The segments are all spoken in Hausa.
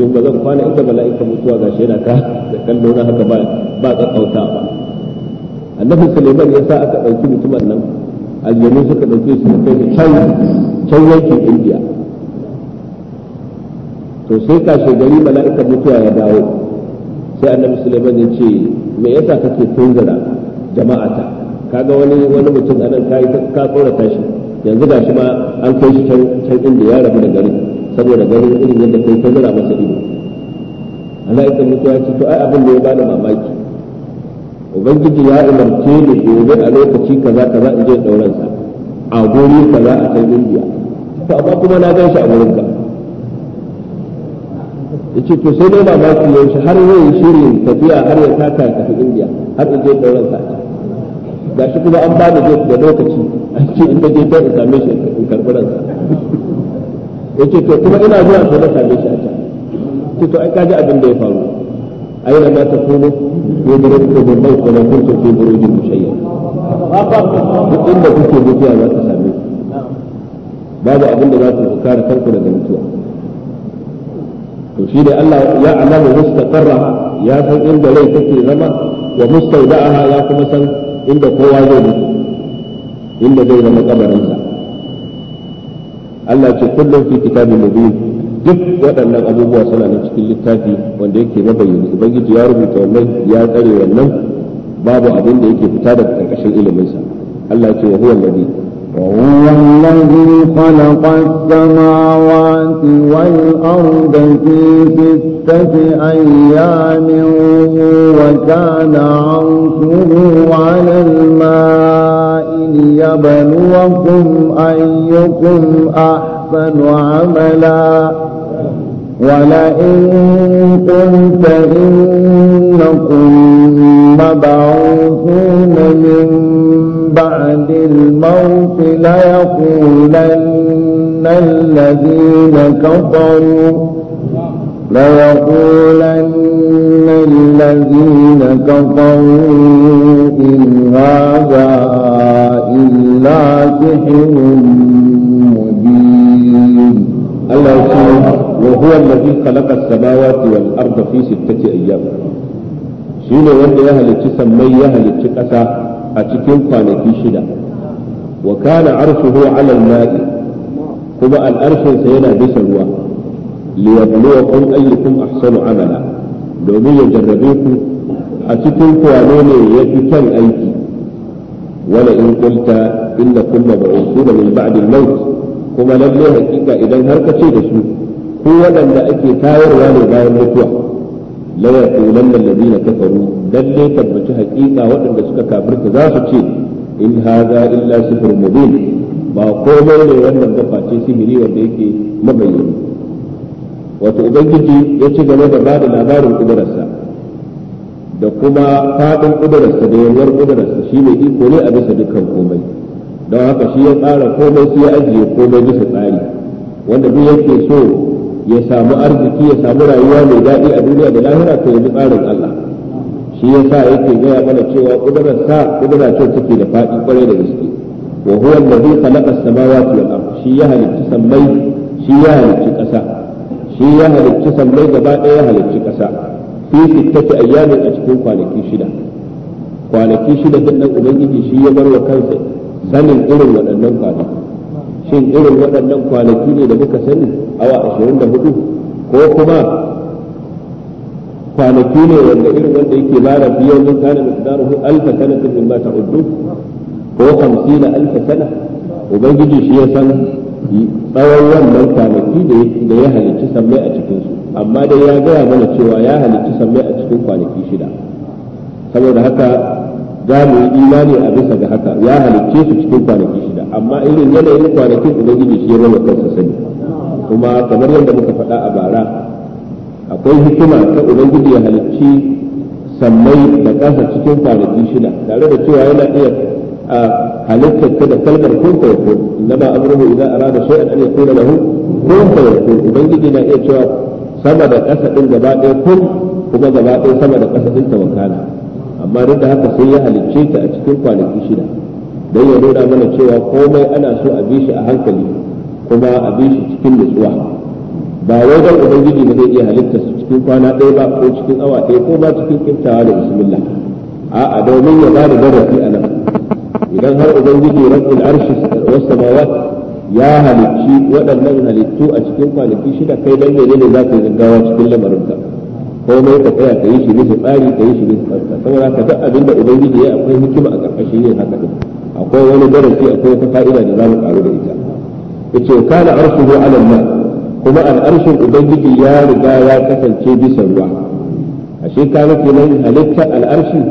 biyu ba zan kwana inda mala'ika mutuwa gashi yana ka da kallo na haka ba ba tsakkauta ba annabi suleiman ya sa aka ɗauki mutumin nan aljanu suka ɗauke su kai da can can yankin indiya to sai kashe gari mala'ikan mutuwa ya dawo sai annabi suleiman ya ce me yasa kake tunzura jama'ata kaga wani wani mutum anan kai ka tsorata shi yanzu gashi ma an kai shi can can inda ya rabu da garin saboda ganin irin yadda kai ta zira masa ido Allah ya tsamu ya ce to ai abin da ya bani mamaki ubangiji ya umarce ni gobe a lokaci kaza kaza in je dauran sa a gori kaza a can Indiya. to amma kuma na gan shi a gurin ka yace to sai dai mamaki yaushe har zai shirin tafiya har ya taka ya tafi Indiya, har in je dauran sa shi kuma an bani da lokaci an ce in je ta same shi in karɓi ransa yace to kuma ina zuwa ko na same shi a can ce to ai kaji abin da ya faru ta aina ma takunu yudrikum al-maut wa la da fi burujin mushayyan duk inda kuke mutuwa za ta same ku babu abin da za ku kare kanku daga mutuwa to shi da Allah ya alamu mustaqarraha ya san inda rai take zama wa mustawda'aha ya kuma san inda kowa zai mutu inda zai zama kabarinsa Allah ce kullum fi kitabin mubin duk waɗannan abubuwa suna nan cikin littafi wanda yake mabayyana ubangiji ya rubuta wannan ya tsare wannan babu abin da yake fita daga karkashin ilimin sa Allah ce wa huwa alladhi وهو الذي خلق السماوات والأرض في ستة أيام وكان عرشه على الماء ليبلوكم أيكم أحسن عملا ولئن قلت إنكم مبعوثون من بعد الموت ليقولن الذين كفروا ليقولن الذين كفروا إن هذا إلا سحر مبين الله سبحانه وهو الذي خلق السماوات والأرض في ستة أيام شين يد يهل تسمي يهل تقسى أتكن كان في شدة وكان عرشه على الماء كما الأرش سينا بسرواه liyabluwakum ayyukum ahsanu amala domin ya jarrabe ku a cikin kuwane ne ya fi kyan aiki wala in qulta innakum mab'uthuna min ba'd maut kuma lalle hakika idan har ka ce da su ko waɗanda ake tayarwa ne bayan mutuwa la yaqulanna alladhina kafaru lalle tabbata hakika waɗanda suka kafirta za su ce in hadha illa sihrun mubin ba komai ne wannan gafa ce sihiri wanda yake mabayyana wato ubangiji ya ci gaba da ba da labarin kudurarsa da kuma faɗin kudurarsa da yalwar kudurarsa shi mai iko ne a bisa dukkan komai don haka shi ya tsara komai sai ya ajiye komai bisa tsari wanda duk yake so ya samu arziki ya samu rayuwa mai daɗi a duniya da lahira to ya tsarin Allah shi ya sa yake gaya mana cewa kudurarsa kudura ce take da faɗi kwarai da gaske wa huwa allazi khalaqa as-samawati wal shi ya halarci sammai shi ya halicci ƙasa shi ya halicci sammai gaba ɗaya ya halicci ƙasa fi sittati ayyamin a cikin kwanaki shida kwanaki shida din nan ubangiji shi ya bar wa kansa sanin irin waɗannan kwanaki shin irin waɗannan kwanaki ne da muka sani awa ashirin da hudu ko kuma kwanaki ne wanda irin wanda yake bara biyar min kana miqdaruhu alfa ba ta ta'uddu ko 50 alfa sana ubangiji shi ya san tsawon wannan kwanaki da ya halicci sammai a cikinsu amma dai ya gaya mana cewa ya halicci sammai a cikin kwanaki shida saboda haka za mu yi imani a bisa ga haka ya halicce su cikin kwanaki shida amma irin yanayin kwanakin ubangiji shi ya rama kansa sani kuma kamar yadda muka faɗa a bara akwai hikima ta ubangiji ya halicci sammai da ƙasa cikin kwanaki shida tare da cewa yana iya halittar ka da kalmar kun fa yakun lama amruhu idza arada shay'an an yaqula lahu kun fa yakun ubangiji na iya cewa sama da ƙasa din gaba ɗaya kun kuma gaba ɗaya sama da ƙasa din tawakkala amma duk da haka sai ya halicce ta a cikin kwanaki shida dan ya nuna mana cewa komai ana so a bi shi a hankali kuma a bi shi cikin nutsuwa ba wai dan ubangiji ba zai iya halittar su cikin kwana ɗaya ba ko cikin awa ɗaya ko ba cikin kintawa da bismillah a'a domin ya ba da darasi a nan idan har ubangiji rabbul arshi was samawat ya halicci waɗannan halittu a cikin kwanaki shida kai dan menene za ka yi gaggawa cikin lamarin lamarinka komai ka tsaya ka yi shi bisa tsari ka yi shi bisa tsarka saboda ka duk abin da ubangiji ya akwai hikima a ƙarƙashin yin haka din akwai wani darasi akwai wata fa'ida da za mu karu da ita yace kana arshuhu ala Allah kuma al'arshin ubangiji ya riga ya kasance bisa ruwa ashe ka kenan halitta al'arshi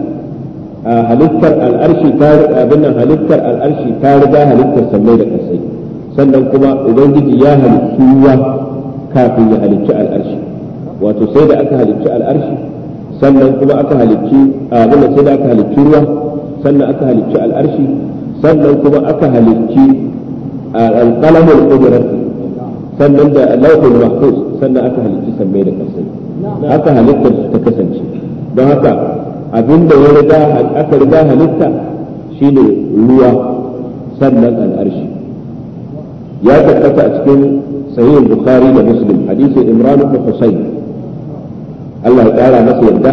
halittar al'arshi ta abin nan halittar al'arshi ta riga halittar sammai da kasai sannan kuma ubangiji ya halittu ruwa kafin ya halicci al'arshi wato sai da aka halicci al'arshi sannan kuma aka halicci abin sai da aka halicci ruwa sannan aka halicci al'arshi sannan kuma aka halicci alqalamul qudrat sannan da lauhul mahfuz sannan aka halicci sammai da kasai haka halittar ta kasance don haka abinda ya riga aka riga halitta shine ruwa sannan al'arshi ya tabbata a cikin sahih bukhari da muslim hadisin imran ibn husayn Allah ya kara masa yadda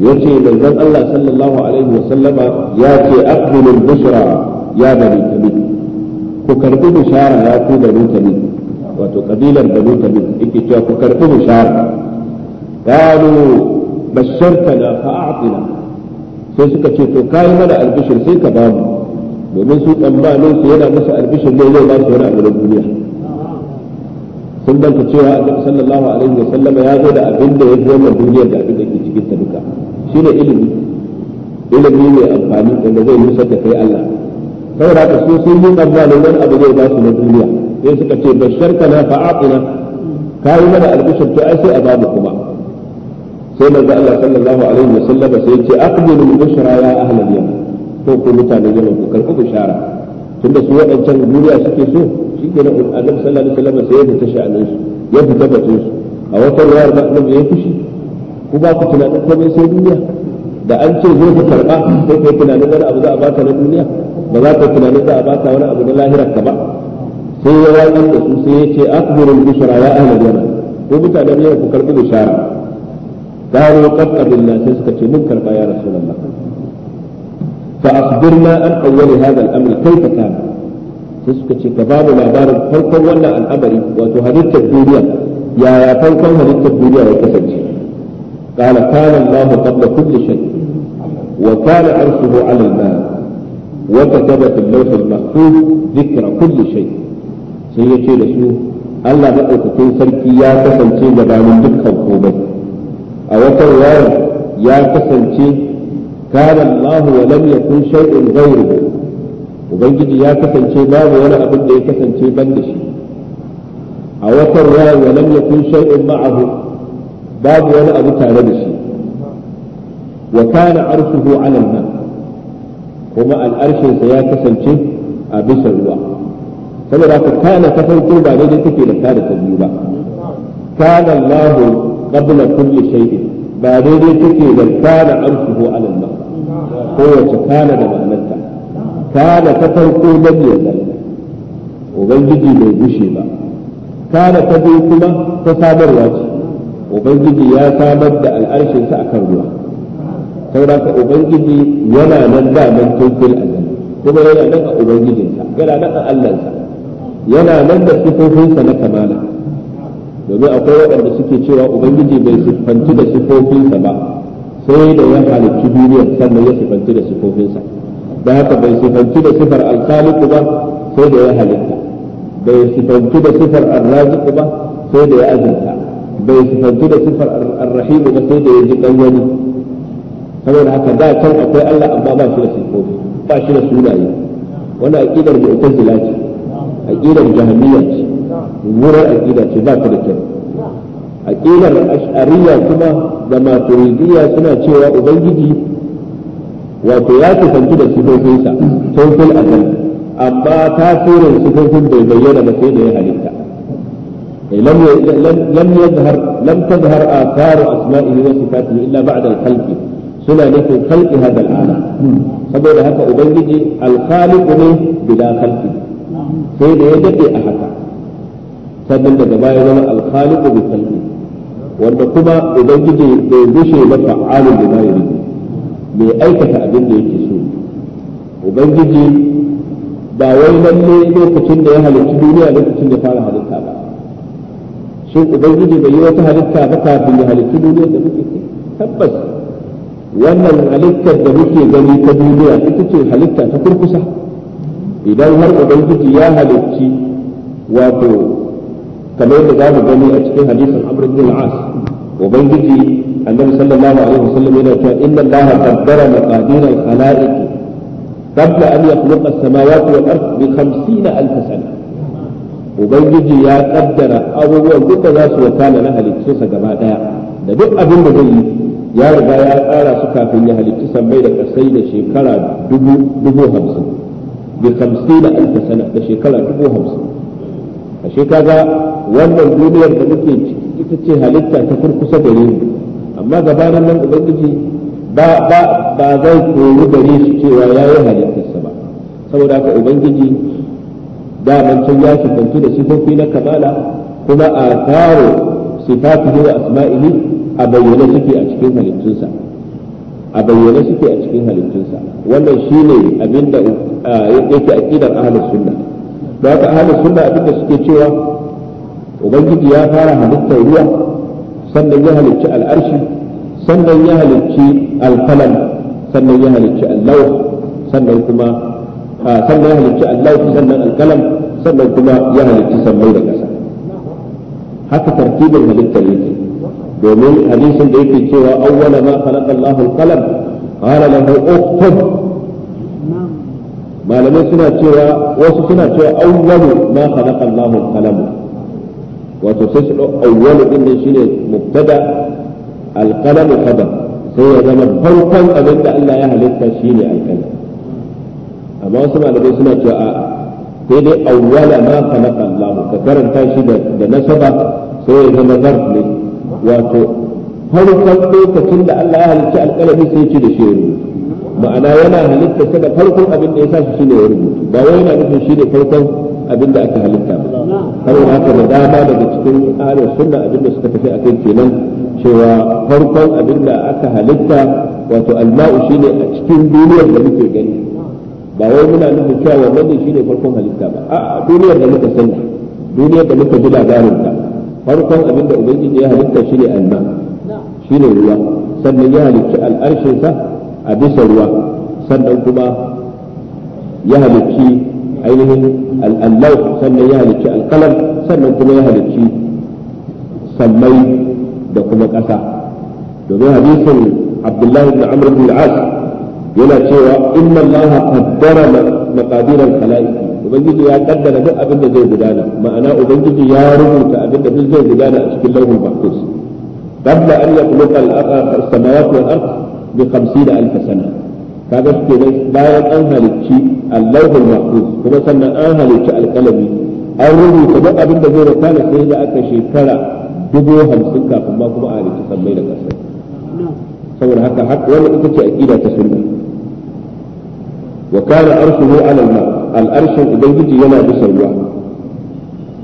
yace manzon Allah sallallahu alaihi wa sallama ya ce aqbilu al-bushra ya bani tamim ku karbi bishara ya ku bani tamim wato kabilar bani tamim yake cewa ku karbi bishara qalu bashartana fa a'tina sai suka ce to kai mana albishir sai ka bamu domin su tsammanin su yana masa albishir ne zai ba su wani abu na duniya sun danka cewa annabi sallallahu alaihi wa sallama ya zo da abin da ya zo wannan duniyar da abin da ke cikin ta duka shine ilimi ilimi mai amfani wanda zai nusar da kai Allah saboda haka su sun yi tsammanin wani abu zai ba su na duniya sai suka ce bashartana fa a'tina kai mana albishir to ai sai a bamu kuma sai manzo Allah sallallahu alaihi wa sallam sai ce aqbilul bushra ya ahlal yam to ku mutane ne ku karɓi bushara tunda su waɗancan duniya suke so shi ke nan annabi sallallahu alaihi wa sallam sai ya fita sha'anin su ya fita batun su a wata ruwayar da annabi ya fushi ku ba ku tunanin komai sai duniya da an ce zo ka karɓa sai kai tunanin wani abu za a baka na duniya ba za ka tunanin za a baka wani abu na lahirar ka ba sai ya watsar da su sai ya ce aqbilul bushra ya ahlal yam ko mutanen ne ku karɓi bushara قالوا قد قبلنا سيسك من كربا يا رسول الله فأخبرنا عن أول هذا الأمر كيف كان سيسك كباب لا بارد فوقا ولا الأمر وتهددت الدنيا يا يا فوقا هددت الدنيا وكسج قال كان الله قبل كل شيء وكان عرشه على الماء وكتب في اللوح المحفوظ ذكر كل شيء سيأتي رسول الله بأوكتين سلكي يا كسلتي جبان دكا وقومي a wata riwaya ya kasance kana Allah wa lam yakun shay'un ghayruhu ubangiji ya kasance babu wani abin da ya kasance ban da shi a wata riwaya wa lam yakun shay'un ma'ahu babu wani abu tare da shi wa kana arshuhu 'ala al-ma' kuma al'arshinsa ya kasance a bisa ruwa saboda ka kana ta farko ba daidai take da kada ta biyu ba kana Allahu qabla kulli shay'in ba daidai take da kana amsuhu ala al ko da ma'anarta kana ta farko lam yazal bai gushe ba kana ta biyu kuma ta samarwa ce ubangiji ya samar da al'arshinsa akan ruwa sauraka ubangiji yana nan daman tunkul azal kuma yana nan a yana nan yana nan da sifofinsa na kamala domin akwai waɗanda suke cewa ubangiji bai siffantu da sifofinsa ba sai da ya halicci duniyar sannan ya siffantu da sifofinsa da haka bai siffantu da sifar alkaliku ba sai da ya halitta bai siffantu da sifar arraziqu ba sai da ya azinta bai siffantu da sifar arrahimu ba sai da ya ji dan wani saboda haka da can akwai Allah amma ba shi da sifofi ba shi da sunaye wani aƙidar mu'tazila ce aƙidar jahmiyya ce mummunar aƙida ce ba ta da kyau aƙidar ash'ariya kuma da maturidiyya suna cewa ubangiji wato ya kusanci da sifofinsa tun fil azal amma tasirin sifofin bai bayyana ba sai da ya halitta لم يظهر لم تظهر آثار أسمائه illa إلا بعد الخلق suna nufin khalqi hada al'ala saboda haka ubangiji alkhaliq ne bila khalqi sai da ya dade a haka sannan daga baya zama alkhaliqu bi khalqi wanda kuma ubangiji bai bushe ba fa'alun bi mayri mai aikata abin da yake so ubangiji ba wai lalle lokacin da ya halicci duniya lokacin da fara halitta ba shin ubangiji bai yi wata halitta ba kafin ya halicci duniya da muke tabbas wannan halittar da muke gani ta duniya ita ce halitta ta kurkusa idan har ubangiji ya halicci wato kamar yadda za mu gani a cikin hadisin amr ibn al-as ubangiji annabi sallallahu alaihi wasallam yana cewa inna allaha qaddara maqadir al-khalaiq qabla an yakhluqa as-samawati wal ard bi 50 alf sana ubangiji ya kaddara abubuwan duka za su wakana na halittunsa gaba daya da duk abin da zai yi ya riga ya tsara su kafin ya halitti sammai da kasai da shekara dubu hamsin bi 50 alf sana da shekara dubu hamsin ashe kaga wannan duniyar da muke ciki ita ce halitta ta kurkusa gare mu amma gabanin nan ubangiji ba ba ba zai koyi gare shi cewa yayi halittarsa ba saboda haka ubangiji daman can ya shukantu da sifofi na kamala kuma a taro sifatihi da asma'ili a bayyane suke a cikin halittunsa a bayyane suke a cikin halittunsa wannan shine abinda yake aqidar ahlus sunna da haka ahlus sunna abinda suke cewa ubangiji ya fara halittar ruwa sannan ya halicci al'arshi sannan ya halicci alqalam sannan ya halicci allaw sannan kuma sannan ya halicci allaw sannan alqalam sannan kuma ya halicci sammai da ƙasa haka tartibin halittar yake domin hadisin da yake cewa awwala ma khalaqa Allahu alqalam qala lahu uktub malamai suna cewa wasu suna cewa awwalu ma khalaqa Allahu al-qalam wato sai su awwalu din ne shine mubtada al-qalam khabar sai ya zama farkon abin da Allah ya halitta shine al-qalam amma wasu malamai suna cewa a'a sai dai awwala ma khalaqa Allahu ka karanta shi da nasaba sai ya zama zarf ne wato farkon lokacin da Allah ya halicci al-qalam sai ya ce da shi rubutu ma'ana yana halitta ta farkon abin da ya sa shi shine ya rubuta ba wai yana nufin shi ne farkon abin da aka halitta ba har wani haka da dama daga cikin ahlus sunna abin da suka tafi akai kenan cewa farkon abin da aka halitta wato alma'u shine a cikin duniyar da muke gani ba wai muna nufin cewa wannan ne shine farkon halitta ba a duniyar da muka sani duniyar da muka ji labarin ta farkon abin da ubangiji ya halitta shine alma shine ruwa sannan ya halicci al'arshin sa a bisa ruwa sannan kuma ya halicci ainihin al'allau sannan ya halicci alkalam sannan kuma ya halicci sammai da kuma ƙasa domin hadisin abdullahi ibn amr ibn al-as yana cewa inna allaha qaddara maqadiran khalaiqi ubangiji ya kaddara duk abin da zai gudana ma'ana ubangiji ya rubuta abin da duk zai gudana a cikin lauhul mahfuz qabla an yakhluqa al-ardh as-samawati wal-ardh bi 50000 sana kaga kenan bayan an halicci Allahul Mahfuz kuma sannan an halicci alƙalami an rubuta duk abin da zai rubuta sai da aka shekara dubu hamsin kafin ma kuma a halicci sammai da ƙasai saboda haka haka wannan ita ce aqida ta sunna wa kana arshuhu ala al-ma al-arshin ubangiji yana bisa ruwa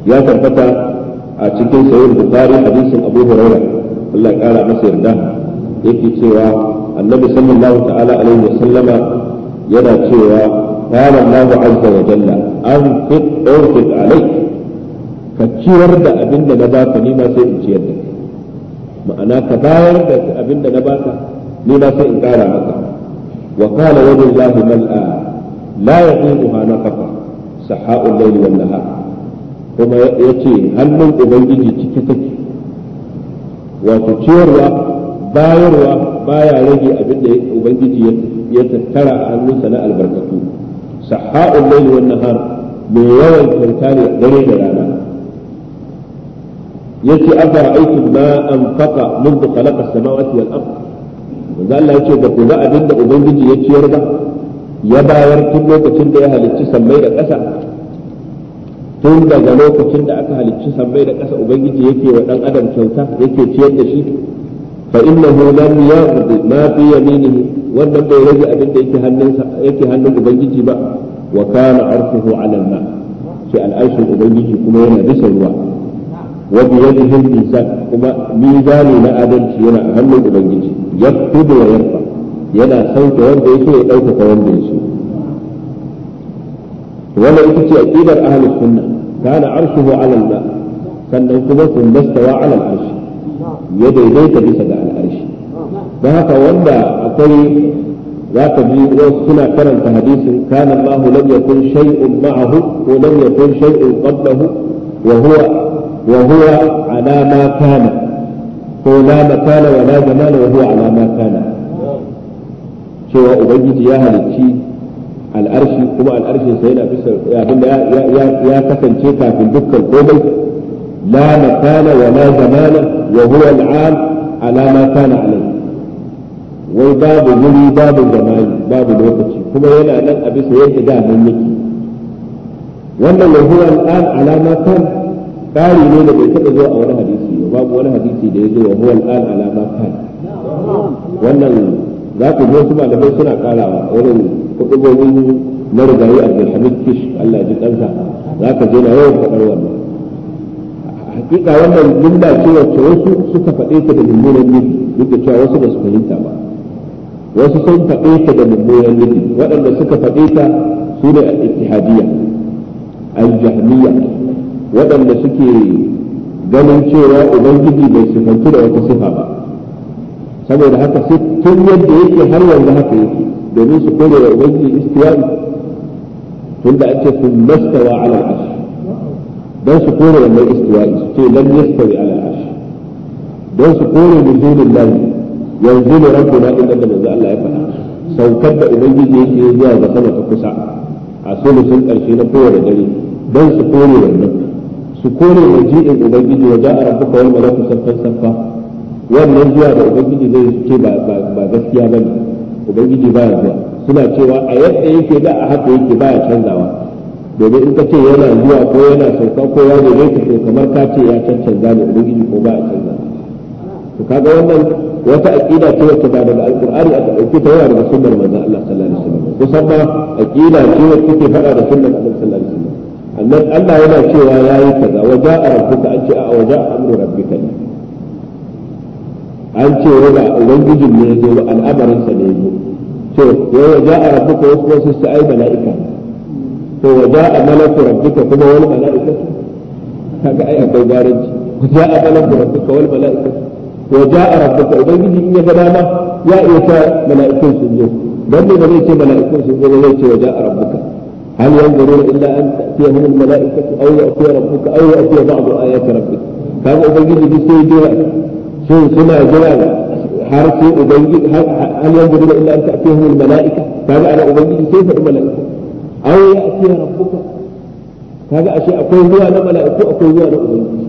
ya tabbata a cikin sahih bukhari hadisin abu hurairah Allah ya kara masa yarda yake cewa annabi sallallahu ta'ala alaihi wasallama yana cewa qala Allahu azza wa jalla anfiq anfiq alaik ka ciyar da abin da na baka ni ma sai in ciyar da kai ma'ana ka bayar da abin da na baka ni ma sai in kara maka wa qala wallahi mal'a la yaquduha naqafa sahau al-layl wan nahar kuma yace hannun ubangiji cike take wato ciyarwa bayarwa baya rage abin da ubangiji ya tattara a hannunsa na albarkatu sahha'ul layli wan nahar mai yawan kyauta ne dare da rana yace afara'aytum ma anfaqa منذ خلق السماوات والارض manzo Allah yace da ku ga abin da ubangiji ya ciyar ba ya bayar tun lokacin da ya halicci sammai da ƙasa tun daga lokacin da aka halicci sammai da ƙasa ubangiji yake wa dan adam kyauta yake ciyar da shi فإنه لم يغض ما في يمينه wannan bai rage abin da yake hannunsa yake hannun ubangiji ba wa kana arshuhu ala ma shi al'arshin ubangiji kuma yana bisa ruwa wa bi yadihi al-insan kuma mizani na adalci yana a hannun ubangiji yaktubu wa yarfa yana sauke wanda yake ya dauka wanda yake wannan ita ce aqidar ahlus sunna kana arshuhu ala al sannan kuma sun mastawa ala al-arsh ya daidaita bisa ga al'arshi don haka wanda akwai za ka ji wasu suna karanta hadisin kana Allah lam yakun shay'un ma'ahu ko lam yakun shay'un qablahu wa huwa wa huwa ala ma kana ko la makana wa la zamana wa huwa ala ma kana cewa ubangiji ya halicci al'arshi kuma al'arshin sai yana bisa abinda ya kasance kafin dukkan komai la makana wa la zamana وهو العام على ما كان عليه wai babu wuri babu zamani babu lokaci kuma yana nan a bisa yadda da nan yake wannan yahuwa al'an alama kan ƙari ne da bai taɓa zuwa a wani hadisi ba babu wani hadisi da ya zo wa alama kan wannan za ku zo su malamai suna ƙarawa wurin kuɗi na rigayi abdulhamid kish allah ji kansa za ka yawan faɗar hakika wannan jumla ce wacce wasu suka faɗe ta da mummunan nufi duk da cewa wasu ba su fahimta ba wasu sun faɗe ta da mummunan nufi waɗanda suka faɗe ta su ne al-ittihadiyya al-jahmiyya waɗanda suke ganin cewa ubangiji bai sifantu da wata sifa ba saboda haka sai tun yadda yake har yanzu haka yake domin su kore wa ubangiji istiwa'i tunda ake sun mastawa ala al'ashi don su kore wannan istiwa'i su ce dan yastari ala arsh don su kore nuzulul nan yanzu ne na inda da manzo Allah ya faɗa saukar da ubangiji yake zuwa ga sama ta kusa a sulusun karshe na kowane dare don su kore wannan su kore maji'in ubangiji wa ja'a rabbuka wal malaku saffan saffa wannan zuwa da ubangiji zai ce ba ba gaskiya bane ubangiji baya zuwa suna cewa a yadda yake da a haka yake baya canzawa domin in ka ce yana zuwa ko yana sauka ko ya zo ka to kamar ka ce ya cancanza ne ubangiji ko ba a canza to kaga wannan wata aqida ce wacce ba daga alqur'ani aka dauke ta yawa daga sunnar manzo Allah sallallahu alaihi wasallam kusan ma aqida ce wacce take fada da sunnar Allah sallallahu alaihi wasallam annan Allah yana cewa yayi kaza wa ja'a rabbuka an ce a wa ja'a amru rabbika an ce wala ubangijin ne ya zo al'amarin sa ne ya zo to wa ja'a rabbuka wasu su sai mala'ika وجاء ملك ربك كما والملائكة هذا أي أبو بارج وجاء ملك ربك والملائكة وجاء ربك أبيه يا غلامة يا إيساء ملائكة بل بني بني ملائكة سجود وليت وجاء ربك هل ينظرون إلا أن تأتيهم الملائكة أو يأتي ربك أو يأتي بعض آيات ربك كان أبيه في سجود سنة سنة جلالة حرف أبيه هل ينظرون إلا أن تأتيهم الملائكة كان أنا أبيه سيف الملائكة aw ya'ti rabbuka kaga ashe akwai zuwa na mala'iku akwai zuwa na ubangiji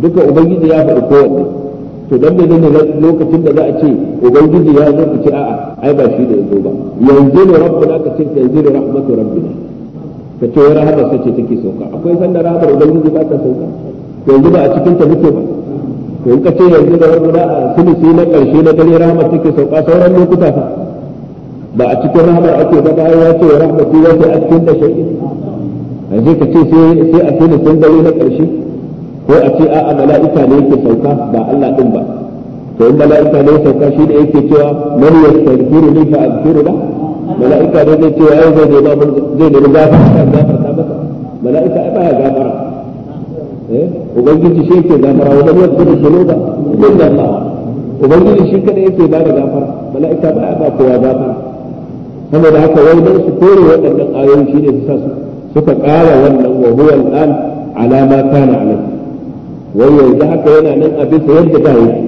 duka ubangiji ya faɗi kowanne to dan ne ne lokacin da za a ce ubangiji ya zo ku ce a'a ai ba shi da yanzu ba yanzu ne rabbuna ka ce ne rahmatu rabbina ka ce rahama sace take sauka akwai sanda rahamar ubangiji ba ta sauka to yanzu ba a cikin ta muke ba to in ka ce yanzu da rabbuna a sulusi na karshe na dare rahama take sauka sauran lokuta fa ba a cikin rahmar ake ba bayan ya ce rahmar ko ya ce a cikin da shi a je ka ce sai a cikin sun dare na ƙarshe ko a ce a'a mala'ika ne yake sauka ba Allah din ba to in mala'ika ne sauka shi da yake cewa man yastaghfiru li fa aghfiru la mala'ika ne zai ce cewa yau zai nema zai nema ta gafarta masa mala'ika ai ya gafara eh ubangiji shi yake gafara wanda ya tsare shi ne ba illa Allah ubangiji shi kada yake ba da gafara mala'ika ba ba kowa gafara saboda haka wai dan su kore waɗannan ayoyi shine su sa suka ƙara wannan wa huwa al'an ala ma kana alai wai yanzu haka yana nan abin bisa yadda ba yake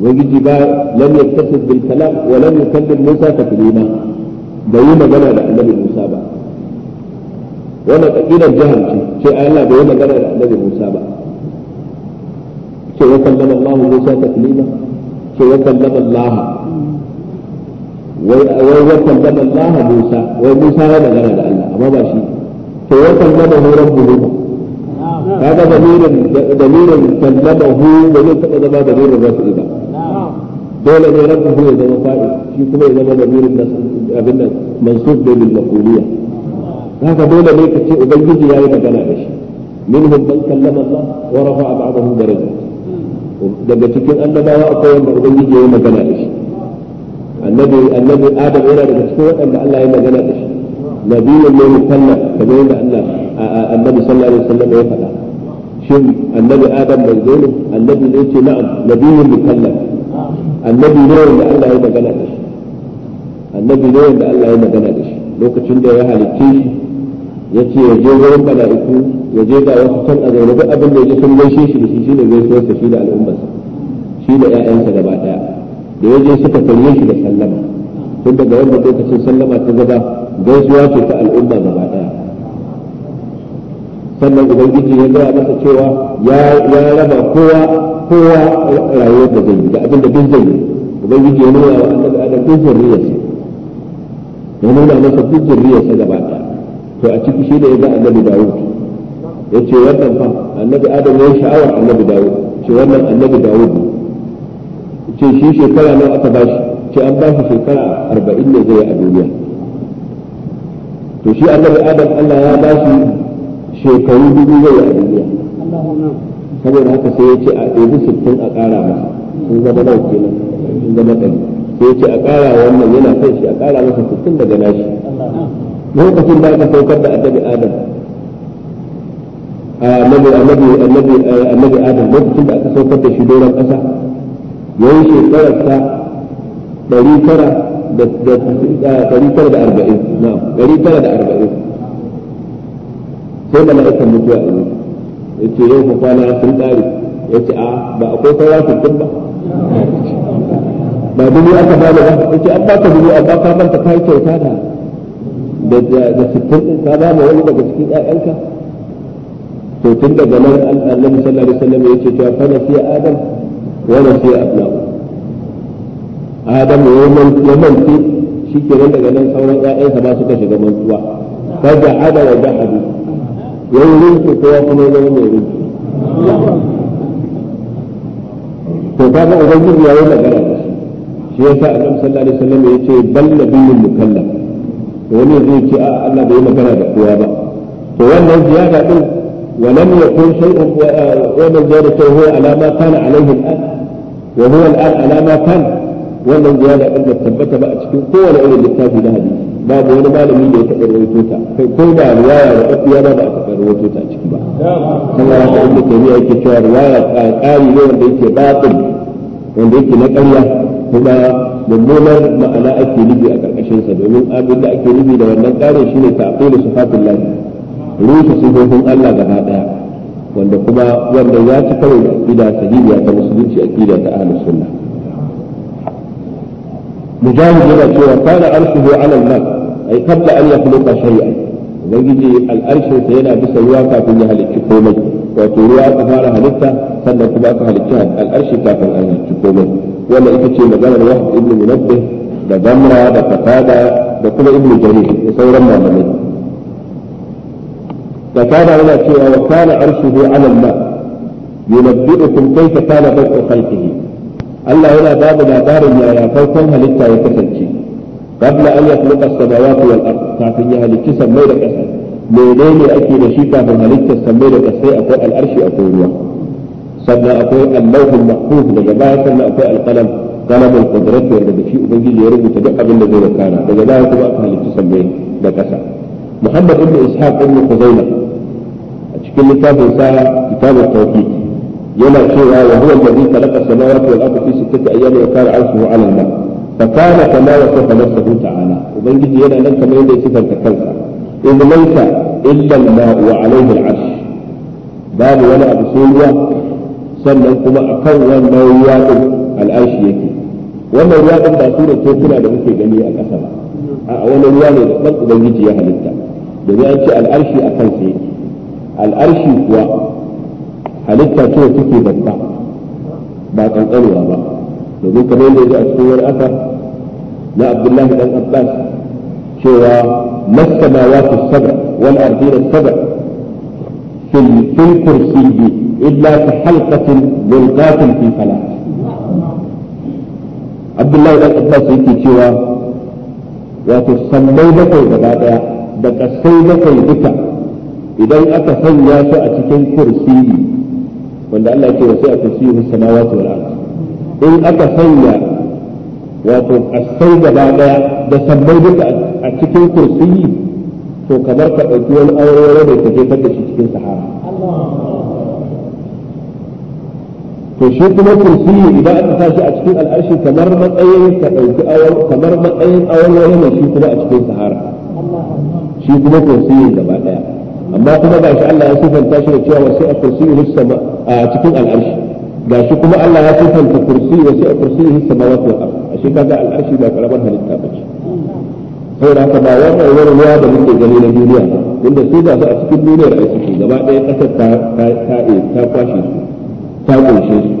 ubangiji ba lam yattasil bil kalam wa lam yukallim Musa taklima bai yi magana da annabi Musa ba wannan aqidar jihar ce ce Allah bai yi magana da annabi Musa ba ce wa kallama Allah Musa taklima ce wa kallama Allah wai wakan dama Allah Musa wai Musa ya magana da Allah amma ba shi to wakan dama hu rabbuhu kaga damirin damirin kallama hu ba zai taba zama damirin rafi ba dole ne rabbuhu ya zama fa'il shi kuma ya zama damirin abin nan mansub da bil maquliyya haka dole ne ka ce ubangiji yayi magana da shi minhum man kallama Allah wa rafa'a ba'dahu darajat daga cikin annabawa akwai wanda ubangiji yayi magana da shi annabi annabi adam yana daga cikin waɗanda Allah ya magana da shi nabiyyun ne mukallaf kamar yadda Allah annabi sallallahu alaihi wasallam ya faɗa shin annabi adam manzo ne annabi ne ce na'am nabiyyun mukallaf annabi ne wanda Allah ya magana da shi annabi ne wanda Allah ya magana da shi lokacin da ya halitte shi ya ce ya je wurin mala'iku ya je da wasu can a zaune duk abin da ya ji sun gaishe shi da shi shine gaisuwarsa shi da al'ummarsa shi da ƴaƴansa gaba ɗaya. da yaje suka kalle shi da sallama tun daga wannan lokacin sallama ta gaba gaisuwa ce ta al'umma gaba daya sannan ubangiji ya gaya masa cewa ya raba kowa kowa rayuwar da zai yi da abin da duk zai yi ubangiji ya nuna wa annabi adam duk zurriyarsa ya nuna masa duk zurriyarsa gaba daya to a ciki shi da ya ga annabi dawud ya ce wannan fa annabi adam ya yi sha'awar annabi dawud ce wannan annabi dawud ne ce shi shekara nawa aka ba shi ce an ba shi shekara arba'in ne zai a duniya to shi annabi adam Allah ya ba shi shekaru dubu zai a duniya saboda haka sai ya ce a ɗebi sittin a ƙara masa sun zama nawa kenan sun zama ɗari sai ya ce a ƙara wannan yana kan shi a ƙara masa sittin daga nashi lokacin da aka saukar da annabi adam annabi annabi annabi annabi adam lokacin da aka saukar da shi doron ƙasa yayi shekarar ta ɗari tara da ɗari tara da arba'in ɗari tara da arba'in sai mala'ikan mutuwa a zuwa ya ce yau fa kwana sun ɗari. ya ce a ba akwai kwana sittin ba ba dubu aka bada ba ya ce an baka dubu an baka manta kai kyauta da da sittin ɗin ka ba ma wani daga cikin ƴaƴanka to tun daga nan annabi sallallahu alaihi wasallam ya ce to fa nasiya adam wani sai abla adamu ya manci shi ke nan daga nan sauran ƴaƴansa ba suka shiga mantuwa ta jahada wa jahadu haɗu yi rinki ko ya kuma zama mai rinki ko ta ga ubangiji ya yi magana da shi shi ya sa annabi sallallahu alaihi wasallam ya ce bal nabiyyun mukallaf to wani zai ce a Allah bai magana da kowa ba to wannan ziyara din ولم يكن شيء ومن زيادته هو على ما كان عليه الآن وهو الآن على ما كان wannan ziyara ɗin da tabbata ba a cikin kowane irin littafi na hadisi babu wani malami da ya taɓa rawaito ta kai ko da riwaya da ƙafiya ba a taɓa rawaito ta a ciki ba sannan haka inda tabiya yake cewa riwaya ƙari ne wanda yake batil wanda yake na ƙarya kuma mummunar ma'ana ake nufi a ƙarƙashinsa domin abin da ake nufi da wannan ƙarin shine da sifatul lahi rushe sifofin Allah gaba daya wanda kuma wanda ya ci kawai da aqida sahihiya ta musulunci aqida ta ahlus sunna mujahid yana cewa kana arshuhu ala al-ma ay qabla an yakhluqa shay'an ubangiji al'arshin sa yana bisa ruwa kafin ya halicci komai wato ruwa ka fara halitta sannan kuma aka halicci al'arshi kafin an halicci komai wannan ita ce maganar wahab ibn munabbih da zamra da fatada da kuma ibn jarir da sauran malamai فكان هنا سوى وكان عرشه على الماء ينبئكم كيف كان بدء خلقه الله هنا باب لابار يا فوقها لتا يكتنشي قبل أن يخلق السماوات والأرض كافي يهلك سمير كسر menene ake da shi kafin halittar sammai da kasai akwai al'arshi akwai ruwa sannan akwai allahul mahfuz daga baya sannan akwai alqalam qalamul qudrat wanda shi ubangiji ya rubuta duk abin da zai wakana daga baya kuma aka halitta sammai da kasa muhammad ibn ishaq ibn khuzaimah cikin littafin sa kitabut tawhid yana cewa wa huwa alladhi khalaqa as-samawati wal arda fi sittati ayyamin wa kana 'arshuhu 'ala al-ma fa kana kama wasafa nafsuhu ta'ala ubangiji yana nan kamar yadda ya sifanta kansa إذ ليس إلا الماء وعليه babu wani abu أبو سوريا sannan kuma a kan wannan yaƙin al'ashi yake wannan yaƙin ba surar tekuna da muke gani a ƙasa ba a wani ruwa ne da ɗan ubangiji ya halitta domin an ce al'arshi a kansa yake al'arshi kuwa halitta ce take babba ba kankanuwa ba domin kamar yadda yake a cikin wani asar na abdullahi dan abbas cewa masamawatu sab'a wal ardina sab'a fil fil kursiyyi illa ka halqatin mulqatin fi falah abdullahi dan abbas yake cewa wato sannan bakwai gaba daya da kasai bakwai duka idan aka sanya su a cikin kursiyi wanda Allah ya ce wasu a kursiyi samawati wal ardh in aka sanya wato asai gaba daya da sabbai duka a cikin kursiyi to kamar ka dauki wani aure da ka jefar da shi cikin sahara to shi kuma kursiyi idan aka shi a cikin al'arshi kamar matsayin ka ɗauki kamar matsayin aure ne shi kuma a cikin sahara shi kuma kursiyi gaba daya amma kuma ga shi Allah ya sifanta shi da cewa wasu a kursi yi sama a cikin al'arshi ga shi kuma Allah ya sifanta kursi wasu a kursi yi sama wato a shi kaga al'arshi ba karamar halitta ba ce saboda haka ba wani wannan ruwa da muke gani na duniya inda su da su a cikin duniyar ai suke gaba ɗaya ƙasar ta ta ta eh, kwashe su ta kunshe su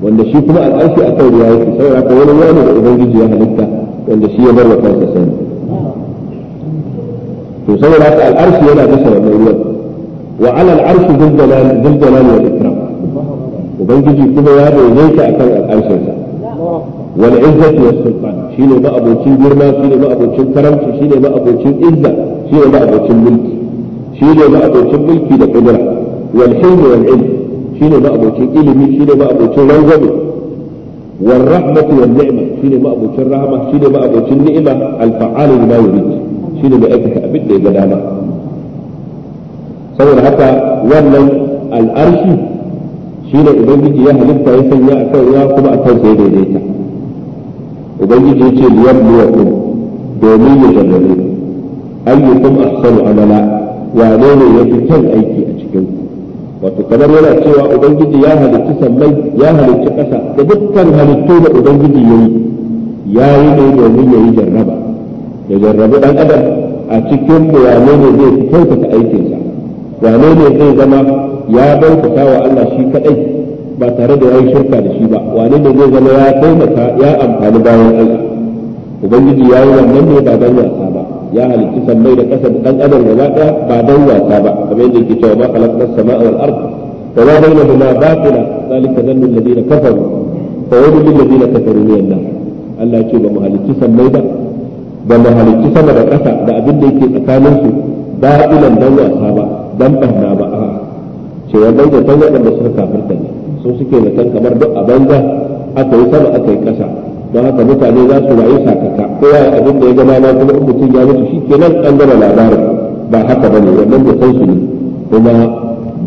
wanda shi kuma al'arshi a kan ruwa yake saboda haka wani ruwa ne da ubangiji ya halitta wanda shi ya bar wa kansa sani to saboda haka al'arshi yana dasa wannan ruwan wa ala al'arshi zul jalali wal ikram ubangiji kuma ya daidaita akan al'arshin sa wal izzati was sultan shine ba abocin girma shine ba abocin karamci shine ba abocin izza shine ba abocin mulki shine ba abocin mulki da kudura wal hilm wal ilm shine ba abocin ilimi shine ba abocin rangwame wal rahmatu wal ni'ma shine ba abocin rahama shine ba abocin ni'ima al fa'al lima shi ne mai aikata abin da ya ga dama saboda haka wannan al'arshi shi ne ubangiji ya halitta ya sanya a kan kuma a kansa ya daidaita ubangiji ya ce liyar liyar domin ya jarrabe ayyukum ahsanu amala wane ne ya fi kyan aiki a cikin wato kamar yana cewa ubangiji ya halitta sammai ya halitta ƙasa da dukkan halittu da ubangiji ya yi ya yi ne domin ya yi jarraba ya jarrabu dan adam a cikin mu wane ne zai fi kyautata aikinsa wane ne zai zama ya bautata wa Allah shi kadai ba tare da yayi shirka da shi ba wane ne zai zama ya taimaka ya amfani bayan Allah ubangiji yayi wannan ne ba dan wasa ba ya halitta sammai da kasa da dan adam gaba daya ba dan wasa ba kamar yadda yake cewa ba khalaqna samaa wal ard wa ma bainahuma batila zalika dhannu alladhina kafaru fa wajhu lil ladina kafaru min Allah Allah ce ba mu halitta sammai ba da mahalicci sama da ƙasa da abin da yake tsakanin su ba ilan dan wasa ba dan banna ba a cewa dan da suka kafirta ne so suke da kan kamar duk a aka yi sama aka yi ƙasa don haka mutane za su rayu sakaka ko ya abin da ya gama na kuma mutum ya mutu shi kenan an gama labarin ba haka bane wannan da kansu ne kuma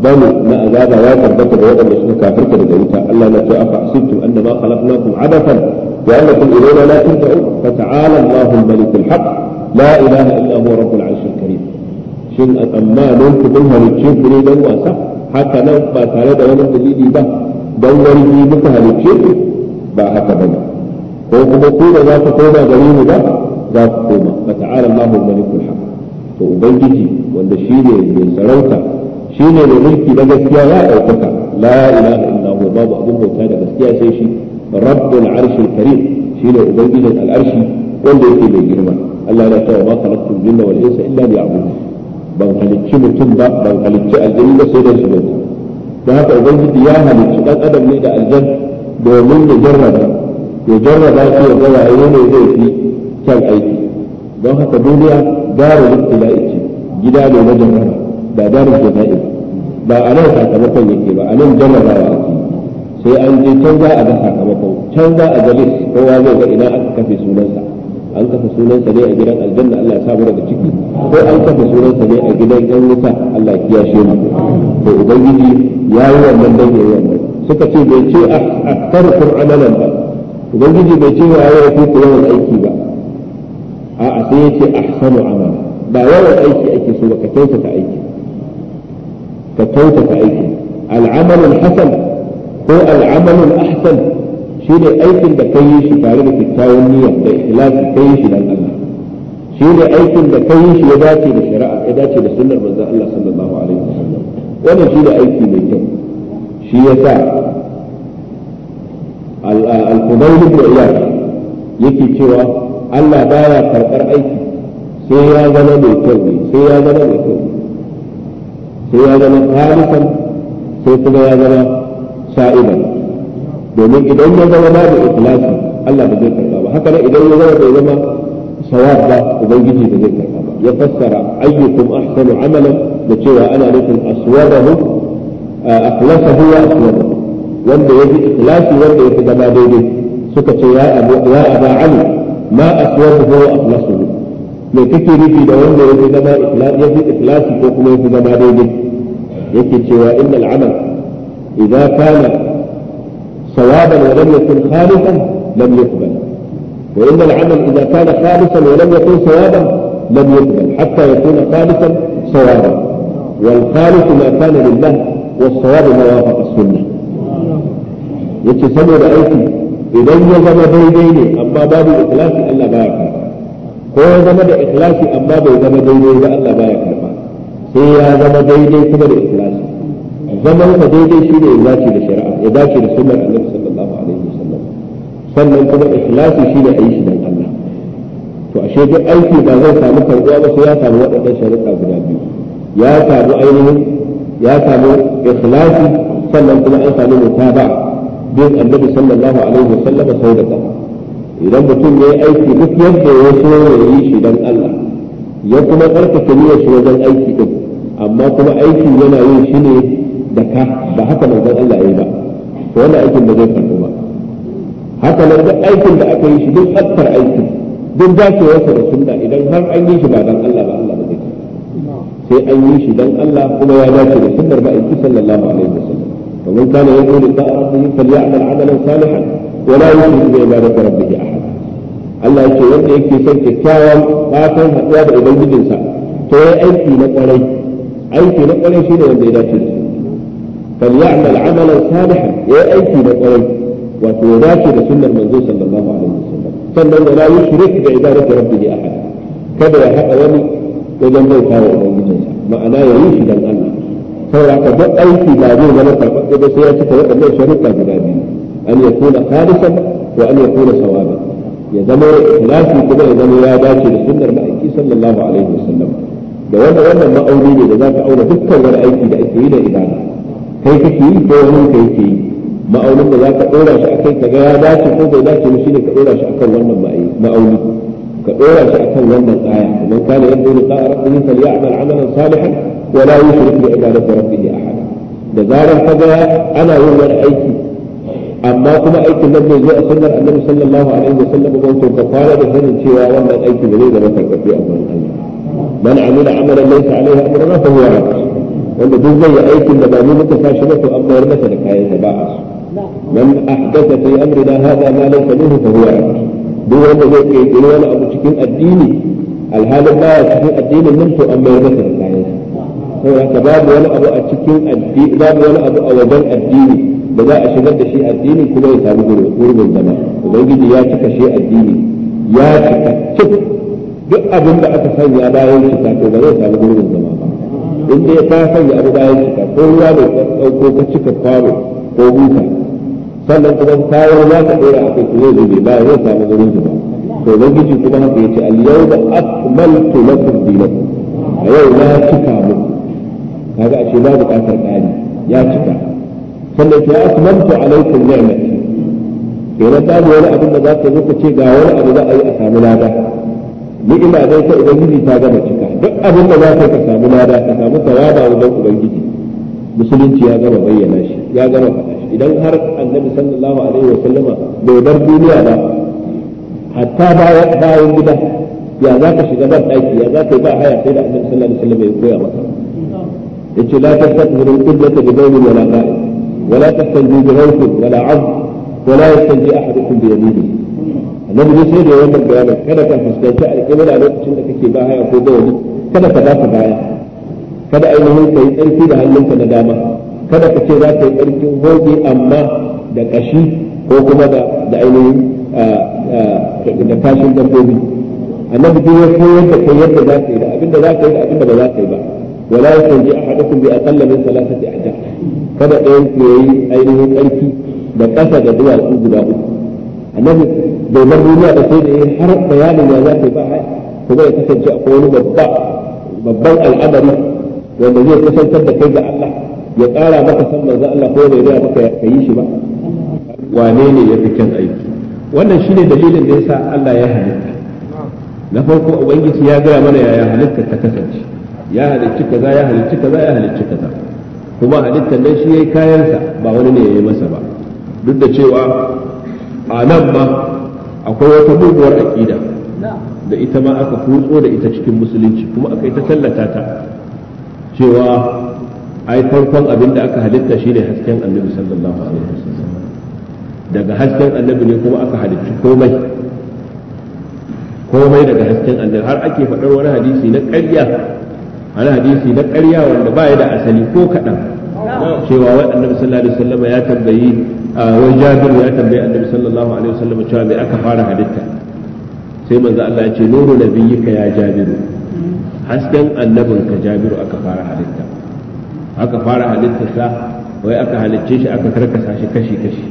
bani na azaba ya tabbata da waɗanda suka kafirta daga ta Allah na ce afa asibtum annama khalaqnakum adafan وأنكم إلينا لا ترجعون فتعالى الله الملك الحق لا إله إلا هو رب العرش الكريم شن أما ننت منها للشيخ لي لو أسف حتى لو ما تريد ولا تجيدي به دوري في بكها للشيخ با هكا بنا وكما قيل لا تقوم غريم ده لا تقوم فتعالى الله الملك الحق فأبيجي وأن شيني من سروتا شيني لملكي لجسيا لا أوتك لا إله إلا هو بابا أبو موتانا جسيا سيشي rabbin arshil karim shine ubangijin al'arshi wanda yake mai girma Allah ya tawa ba khalaqtul jinna wal insa illa liya'budun ban halicci mutum ba ban halicci aljanna ba sai da shi bauta da haka ubangiji ya halicci dan adam ne da aljan domin ya jarraba ya jarraba shi ya ga waye ne zai fi kyan aiki don haka duniya darul ibtila'i ce gida ne na ba darul jaza'i ba a nan a nan sai an je can za a ga sakamako can za a ga lis kowa zai ga ina aka kafe sunansa an kafe sunansa ne a gidan aljanna Allah ya samu daga ciki ko an kafe sunansa ne a gidan yan wuta Allah ya kiyashe mu to ubangiji ya yi wannan dan ya yi wannan suka ce bai ce aktarukum amalan ba ubangiji bai ce wa ya fi ku yawan aiki ba a'a sai ya ce a sanu amala ba yawan aiki ake so ba ka kyautata aiki ka kyautata aiki al'amalin hasan ko al'amalin ahsan shi ne aikin da kai yi shi tare da kyakkyawan niyya da ikhlasi kai shi dan Allah shi ne aikin da kai yi shi ya dace da shari'a ya dace da sunnar manzon Allah sallallahu alaihi wasallam wannan shi ne aiki mai kyau shi yasa al-Qudayl ibn Iyad yake cewa Allah baya karɓar aiki sai ya zama mai kyau sai ya zama mai kyau sai ya zama halikan sai kuma ya zama sa'idan domin idan ya zama babu ikhlasi Allah ba zai karba ba haka nan idan ya zama bai zama sawab ba ubangiji ba zai karba ba ya fassara ayyukum ahsanu amalan da cewa ana nufin aswadahu akhlasahu wa aswadahu wanda ya fi ikhlasi wanda ya fi zama daidai suka ce ya abu ya aba ali ma aswadahu wa akhlasuhu me kake nufi da wanda ya fi zama ikhlasi ko kuma ya fi zama daidai yake cewa innal amal إذا كان صوابا ولم يكن خالصا لم يقبل وإن العمل إذا كان خالصا ولم يكن صوابا لم يقبل حتى يكون خالصا صوابا والخالص ما كان لله والصواب ما وافق السنة يتسمى رأيت إذا يزم بيديني أما باب الإخلاص ألا باك هو زم بإخلاصي أما باب زم بيديني ألا باك سيا زم بيديني كبر إخلاصي zaman ka daidai shi ne ya dace da shari'a ya dace da sunnar annabi sallallahu alaihi wasallam sannan kuma ikhlasi shi ne ayi shi dan Allah to ashe duk aiki ba zai samu karbuwa ba sai ya samu waɗannan shari'a guda biyu ya samu ainihin ya samu ikhlasi sannan kuma an samu mutaba bin annabi sallallahu alaihi wasallam sau da kafa idan mutum ya yi aiki duk yadda ya so ya yi shi dan Allah ya kuma karkace niyyar shi wajen aiki din amma kuma aikin yana yin shi ne da ka ba haka manzon Allah yayi ba to wannan aikin da zai karbu ba haka nan duk aikin da aka yi shi duk tsaftar aikin duk dacewarsa da sunna idan har an yi shi ba dan Allah ba Allah ba zai sai an yi shi dan Allah kuma ya dace da sunnar ma'aiki sallallahu alaihi wasallam ta كان يؤمن بلقاء ربه فليعمل عملا صالحا ولا يشرك بعبادة ربه أحدا Allah ya ce wanda yake son kyakkyawan fatan haɗuwa da ubangijinsa to ya aiki na ƙwarai aiki na ƙwarai shi ne wanda ya dace da فليعمل عملا صالحا يا أيتي لقوي وتوذاك لسنة المنزول صلى الله عليه وسلم sannan wala yushrik bi ibadati rabbih ahad kada ya haɗa wani wajen bauta kawo ubangijinsa ma'ana ya yi shi dan Allah saboda duk aiki ba zai zama karɓaɓɓe ba sai ya cika waɗannan sharuɗa guda biyu an ya kuna khalisan ko an ya kuna sawaba ya zama ya ikhlasi kuma ya zama ya dace da sunnar ma'aiki sallallahu alaihi wasallam da wannan wannan ma'auni ne da za ka auna dukkan wani aiki da ake yi da ibada kai kake yi ko wani ka yake yi ma'aunin da za ka ɗora shi akai ka ga ya dace ko bai dace ba shine ka ɗora shi akan wannan ma'auni ka ɗora shi akan wannan aya kamar kana yadda ni qa'a rabbihi falyamal amalan salihan wa la yushrik bi ibadati rabbih ahada da zarar ka ga ana yin wani aiki amma kuma aikin nan bai zo a sunnar annabi sallallahu alaihi wa sallam ba to ka fara da sanin cewa wannan aiki ba zai zama karɓaɓɓe a gurin Allah man amila amalan laysa alaihi amruna fa huwa rabb wanda duk zai yi aikin da ba mu muka sa shi ba to an mayar masa da kayan sa ba a su man ahdatha fi amrina hadha ma laysa minhu fa huwa duk wanda zai kai wani abu cikin addini alhalin baya cikin addinin nan to an mayar masa da kayan sa saboda ka babu wani abu a cikin addini babu wani abu a wajen addini da za a shigar da shi addini kuma ya samu gurbin zama ubangiji ya cika shi addini ya cika cik duk abin da aka sanya bayan ta to ba zai samu gurbin zama ba in dai ka sanya abu yake cika ko ruwa mai dauko ka cika kwano ko buka sannan kuma kayan za ka ɗora a kai zai zube ba zai samu wurin ba to ubangiji kuma haka yace al yawma akmaltu lakum dinakum a yau na cika muku kaga ce ba bukatar ƙari ya cika sannan ya akmaltu alaikum ni'mati kenan babu wani abin da za ka zo ka ce ga wani abu za a yi a samu lada ni'ima dai ta ubangiji ta gama cika duk abin da za ka samu lada ka samu tawaba wajen ubangiji musulunci ya gama bayyana shi ya gama faɗa shi idan har annabi sallallahu alaihi wa sallama bai bar duniya ba hatta bayan gida ya za ka shiga ban ɗaki ya za ka yi ba haya sai da annabi sallallahu alaihi wa sallama ya koya maka yace la tastaqbilu qiblata bi dawmin wala qa'id wala tastanji bi rawfin wala ya ولا يستنجي احدكم بيمينه annabi ne sai da wannan bayanin kada ka fuskanci alƙibla lokacin da kake ba haya ko gawani kada ka dafa baya kada ainihin ka yi tsarki da hannunka na dama kada ka ce za ka yi tsarkin hoge amma da kashi ko kuma da da ainihin da kashin dabbobi annabi duk ya koyar da kai yadda za ka yi da abinda za ka yi da abinda ba za ka yi ba ولا ahadukum bi بأقل min thalathati أحجار kada ɗayan ku yayi ainihin tsarki da ƙasa da duwatsu guda uku annabi bai bar duniya da sai da yi har bayanin ya za ta ba kuma ya kasance akwai wani babban al'amari wanda zai kusantar da kai ga Allah ya ƙara maka san manzo Allah ko bai gaya maka ka yi shi ba wane ne ya fi kyan aiki wannan shine dalilin da yasa Allah ya halitta na farko ubangiji ya gaya mana yaya halitta ta kasance ya halicci kaza ya halicci kaza ya halicci kaza kuma halittar nan shi yayi kayansa ba wani ne ya yi masa ba duk da cewa a nan ba. akwai wata muguwar aƙida da ita ma aka kutso da ita cikin musulunci kuma aka yi ta tallata ta cewa ai farkon abin da aka halitta shine hasken annabi sallallahu alaihi wasallam daga hasken annabi ne kuma aka halicci komai komai daga hasken annabi har ake faɗar wani hadisi na ƙarya wani hadisi na ƙarya wanda ba ya da asali ko kaɗan cewa wani annabi sallallahu alaihi ya tambayi wai jabir ya tambayi annabi sallallahu alaihi wasallam cewa me aka fara halitta sai manzo Allah ya ce nuru nabiyyika ya jabiru hasken annabin ka jabiru aka fara halitta aka fara halitta sa wai aka halicce shi aka karkasa shi kashi kashi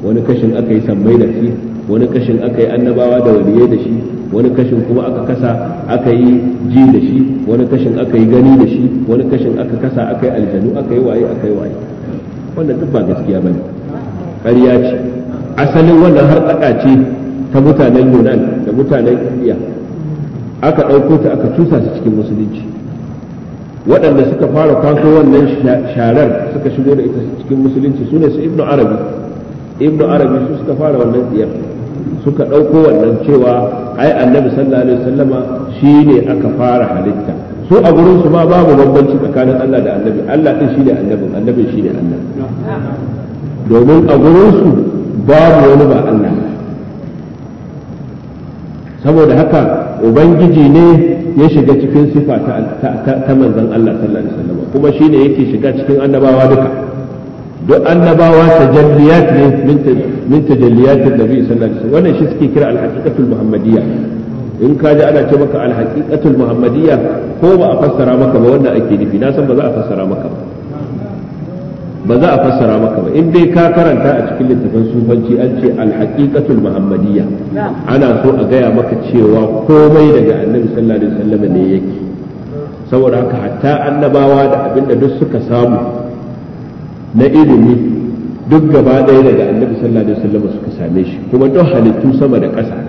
wani kashin aka yi sammai da shi wani kashin aka yi annabawa da waliyai da shi wani kashin kuma aka kasa aka yi ji da shi wani kashin aka yi gani da shi wani kashin aka kasa aka yi aljanu aka yi waye aka yi waye wannan duk ba gaskiya bane ƙarya ce asalin wannan har ce ta mutanen yunan da mutanen indiya aka ɗauko ta aka cusa su cikin musulunci waɗanda suka fara kwaso wannan sharar suka shigo da ita cikin musulunci su ne su ibnu arabi ibnu arabi su suka fara wannan tsiyar suka ɗauko wannan cewa ai annabi sallallahu alaihi wasallama shi ne aka fara halitta su a gurin su ma babu bambanci tsakanin Allah da annabi Allah din shine annabin annabin shine annabi domin a gurinsu babu wani ba Allah saboda haka ubangiji ne ya shiga cikin sifa ta manzon Allah sallallahu alaihi wasallam kuma shine yake shiga cikin annabawa duka duk annabawa tajalliyat ne min tajalliyat annabi sallallahu alaihi wasallam wannan shi suke kira al muhammadiyya in ka ji ana ce maka al muhammadiyya ko ba a fassara maka ba wanda ake nufi na san ba za a fassara maka ba ba za a fassara maka ba in dai ka karanta a cikin littafin sufanci an ce alhaqiqatul muhammadiyya ana so a gaya maka cewa komai daga annabi sallallahu alaihi wasallam ne yake saboda haka hatta annabawa da abinda duk suka samu na ilimi duk gaba ɗaya daga annabi sallallahu alaihi wasallam suka same shi kuma duk halittu sama da ƙasa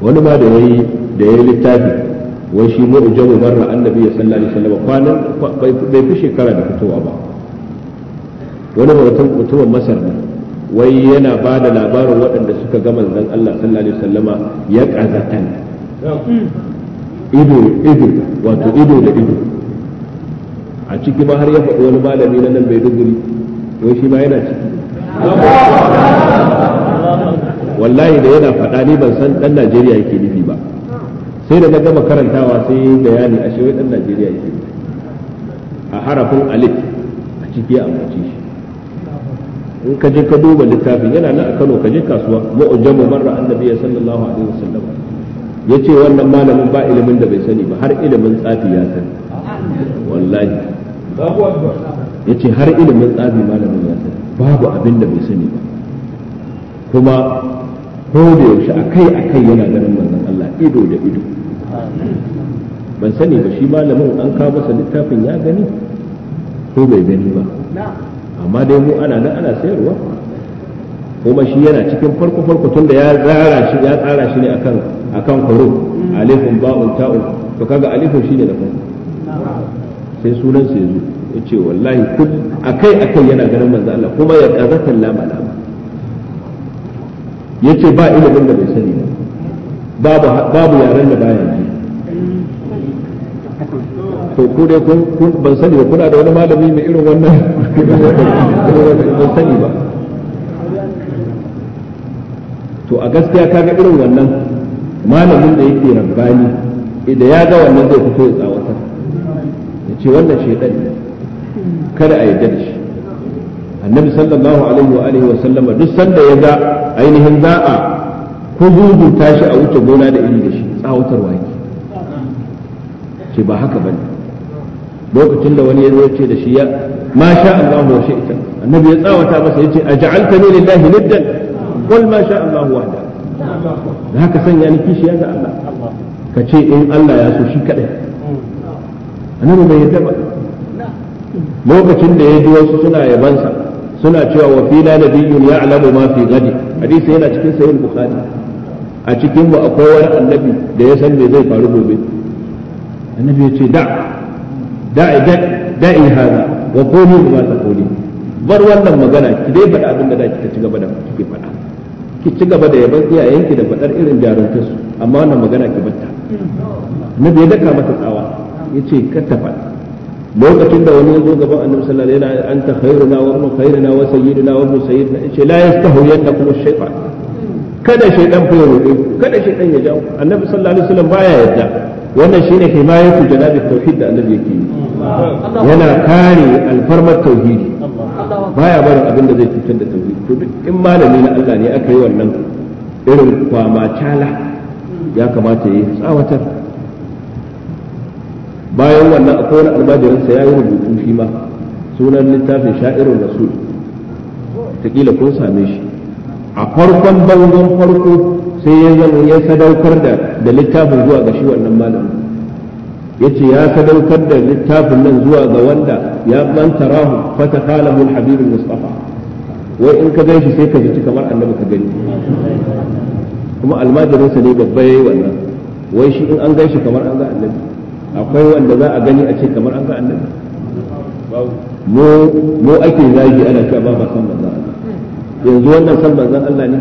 wani ma da yayi da yayi littafi wai shi mu'jamu barra annabi sallallahu alaihi wasallam kwanan bai fi shekara da fitowa ba wani mutumin masar wai yana ba da labarin waɗanda suka ga manzon Allah sallallahu alaihi wasallama ya kazatan ido ido wato ido da ido a ciki ba har ya faɗi wani malami na nan bai duguri wai shi ma yana ciki wallahi da yana faɗa ni ban san ɗan Najeriya yake nufi ba sai da na gama karantawa sai yi bayani a shi ɗan Najeriya yake a harafin alif a ciki a ambace shi in ka je ka duba littafin yana nan a Kano ka je kasuwa mu'jamu marra annabi sallallahu alaihi wasallam yace wannan malamin ba ilimin da bai sani ba har ilimin tsafi ya sani wallahi yace har ilimin tsafi malamin ya sani babu abin da bai sani ba kuma ko da yaushe akai akai yana ganin manzon Allah ido da ido ban sani ba shi malamin an kawo masa littafin ya gani ko bai gani ba amma dai mu ana nan ana sayarwa kuma shi yana cikin farko farko tun da ya tsara shi ya tsara shi ne akan akan karo alifun ba'un ta'un to kaga alifun shine da farko sai sunan sai yazo yace wallahi kun akai akai yana ganin manzo Allah kuma ya kazata lama lama yace ba ilimin da bai sani ba babu babu yaran da baya ji to ko dai kun ban sani ba kuna da wani malami mai irin wannan sani ba to a gaskiya kaga irin wannan malamin da yake rabbani idan ya ga wannan zai fito ya tsawata ya ce wannan shaidan ne kada a yarda da shi annabi sallallahu alaihi wa alihi wa sallama duk sanda ya ga ainihin za a ko zuzuta tashi a wuce gona da iri da shi tsawatarwa yake ce ba haka bane lokacin da wani ya zo ce da shi ya ma sha Allah wa shi'ta annabi ya tsawata masa yace aj'altani lillahi niddan qul ma sha Allah wahda da haka sanya ni kishi ga Allah ka ce in Allah ya so shi kadai annabi bai yarda ba lokacin da ya ji wasu suna yabansa suna cewa wa fina nabiyyun ya'lamu ma fi gadi hadisi yana cikin sahih bukhari a cikin mu akwai wani annabi da ya san me zai faru gobe annabi ya ce da da'i hada wa qulu ta taquli bar wannan magana ki dai faɗa abin da zaki ci gaba da kike faɗa ki ci gaba da yaban iyayenki da faɗar irin jarumtar su amma wannan magana ki batta na bai daka mata tsawa yace ka ta faɗa lokacin da wani ya zo gaban annabi sallallahu alaihi wasallam anta khairuna wa ibnu khairuna wa sayyiduna wa ibnu sayyiduna yace la yastahiyannakum ash-shaytan kada shaytan fa ya roƙe kada shaytan ya jawo annabi sallallahu alaihi wasallam baya yadda wannan shi ne shine himayatu janabi tauhid da annabi yake yi yana kare alfarmar tauhidi baya barin abin da zai cutar da tauhidi to duk in malami na Allah ne aka yi wannan irin kwama cala ya kamata ya yi tsawatar bayan wannan akwai wani almajiransa ya yi rubutu shi ma sunan littafin sha'irin rasul ta kun same shi a farkon bangon farko sai ya zama ya sadaukar da da littafin zuwa ga shi wannan malamin ya ce ya sadaukar da littafin nan zuwa ga wanda ya manta Rahu fa taqalahu al-habibul mustafa wai in ka gan shi sai ka ji kamar annabi ka gani kuma almajirinsa ne babba yayi wannan wai shi in an gan shi kamar an ga annabi akwai wanda za a gani a ce kamar an ga annabi mu ake zagi ana cewa ba ba san manzon Allah yanzu wannan san manzon Allah ne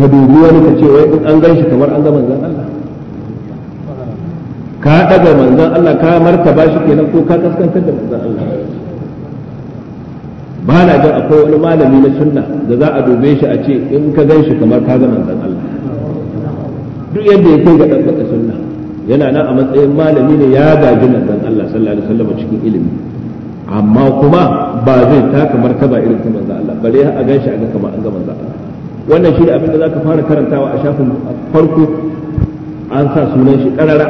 ka dubi wani ka ce wai in an gan shi kamar an ga manzon Allah ka daga manzon Allah ka martaba shi kenan ko ka kaskantar da manzon Allah ba na jin akwai wani malami na sunna da za a dube shi a ce in ka gan shi kamar ka ga manzon Allah duk yadda ya kai ga baka sunna yana nan a matsayin malami ne ya gaji manzon Allah sallallahu alaihi wasallam cikin ilimi amma kuma ba zai taka martaba irin ta manzon Allah bare a gan shi a ga kamar an ga manzon Allah wannan shi ne abin da za ka fara karantawa a shafin farko an sa sunan shi karara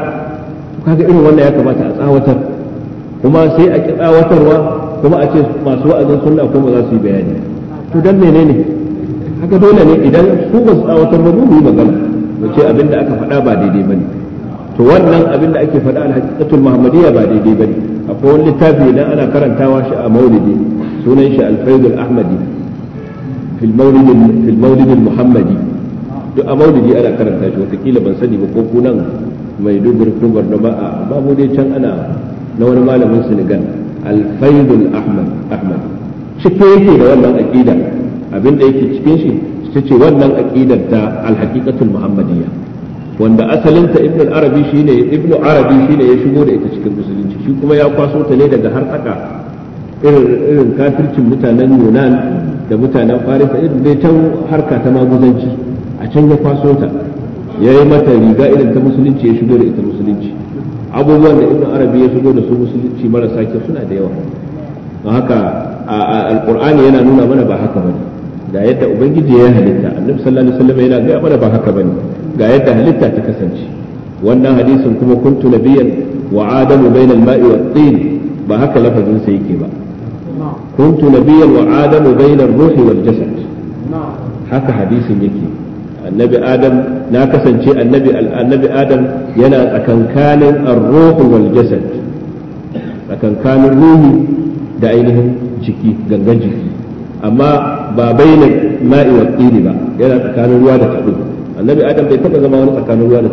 kaga irin wannan ya kamata a tsawatar kuma sai a ki tsawatarwa kuma a ce masu wa'azin sunna kuma za su yi bayani to dan menene haka dole ne idan su ba su tsawatar ba mu yi magana mu ce abin da aka faɗa ba daidai bane to wannan abin da ake faɗa al-haqiqatul muhammadiyya ba daidai bane akwai wani littafi idan ana karantawa shi a maulidi sunan shi al-faidul ahmadi fil maulid muhammadi duk a maulidi ana karanta shi watakila ban sani ba ko kunan mai dubur kubar da ba a babu dai can ana na wani malamin senegal alfaidul ahmad cike yake da wannan aqida abin da yake cikin shi ta ce wannan aqidar ta alhaqiqatul muhammadiyya wanda asalinta ibn arabi shine ibn arabi shine ya shigo da ita cikin musulunci shi kuma ya kwaso ta ne daga har tsaka irin kafircin mutanen yunan da mutanen farisa irin dai can harka ta maguzanci a can ya kwaso ta ya yi mata riga irin ta musulunci ya shigo da ita musulunci abubuwan da ibn arabi ya shigo da su musulunci marasa kyau suna da yawa don haka alqur'ani yana nuna mana ba haka bane da yadda ubangiji ya halitta annabi sallallahu alaihi wasallam yana ga mana ba haka bane ga yadda halitta ta kasance wannan hadisin kuma kuntu nabiyan wa adamu bainal ma'i wat tin ba haka lafazin sa yake ba كنت نبيا وآدم بين الروح والجسد haka hadisin yake na kasance annabi annabi adam yana tsakankanin ar-ruhu wal jasad tsakankanin ruhi da ainihin jiki gangan jiki amma ba baina ma'i wa ba yana tsakanin ruwa da tabo annabi adam bai taba zama wani tsakanin ruwa da